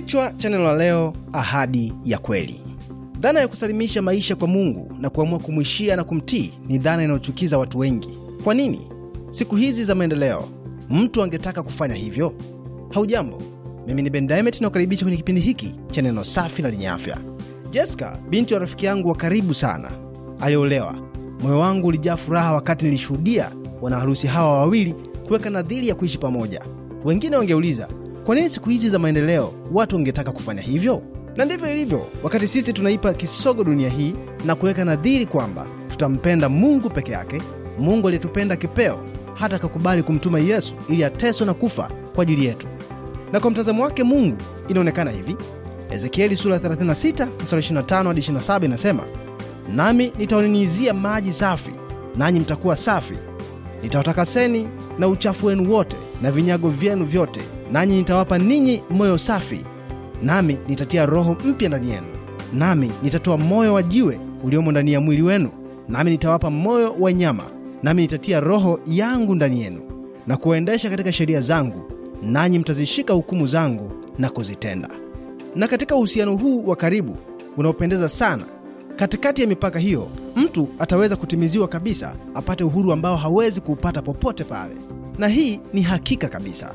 Kichwa cha neno la leo, ahadi ya kweli. Dhana ya kusalimisha maisha kwa Mungu na kuamua kumwishia na kumtii ni dhana inayochukiza watu wengi. Kwa nini siku hizi za maendeleo mtu angetaka kufanya hivyo? Haujambo, mimi ni Ben Daimet kwenye kipindi hiki cha neno safi na lenye afya. Jessica, binti wa rafiki yangu wa karibu sana, aliolewa. Moyo wangu ulijaa furaha wakati nilishuhudia wanaharusi hawa wawili kuweka nadhiri ya kuishi pamoja. Wengine wangeuliza kwa nini siku hizi za maendeleo watu wangetaka kufanya hivyo? Na ndivyo ilivyo wakati sisi tunaipa kisogo dunia hii na kuweka nadhiri kwamba tutampenda Mungu peke yake, Mungu aliyetupenda kipeo hata akakubali kumtuma Yesu ili ateswe na kufa kwa ajili yetu. Na kwa mtazamo wake Mungu inaonekana hivi. Ezekieli sura 3625 27 inasema, nami nitawanyunyizia maji safi, nanyi mtakuwa safi, nitawatakaseni na uchafu wenu wote na vinyago vyenu vyote nanyi nitawapa ninyi moyo safi, nami nitatia roho mpya ndani yenu, nami nitatoa moyo wa jiwe uliomo ndani ya mwili wenu, nami nitawapa moyo wa nyama, nami nitatia roho yangu ndani yenu na kuwaendesha katika sheria zangu, nanyi mtazishika hukumu zangu na kuzitenda. Na katika uhusiano huu wa karibu unaopendeza sana, katikati ya mipaka hiyo, mtu ataweza kutimiziwa kabisa, apate uhuru ambao hawezi kuupata popote pale, na hii ni hakika kabisa.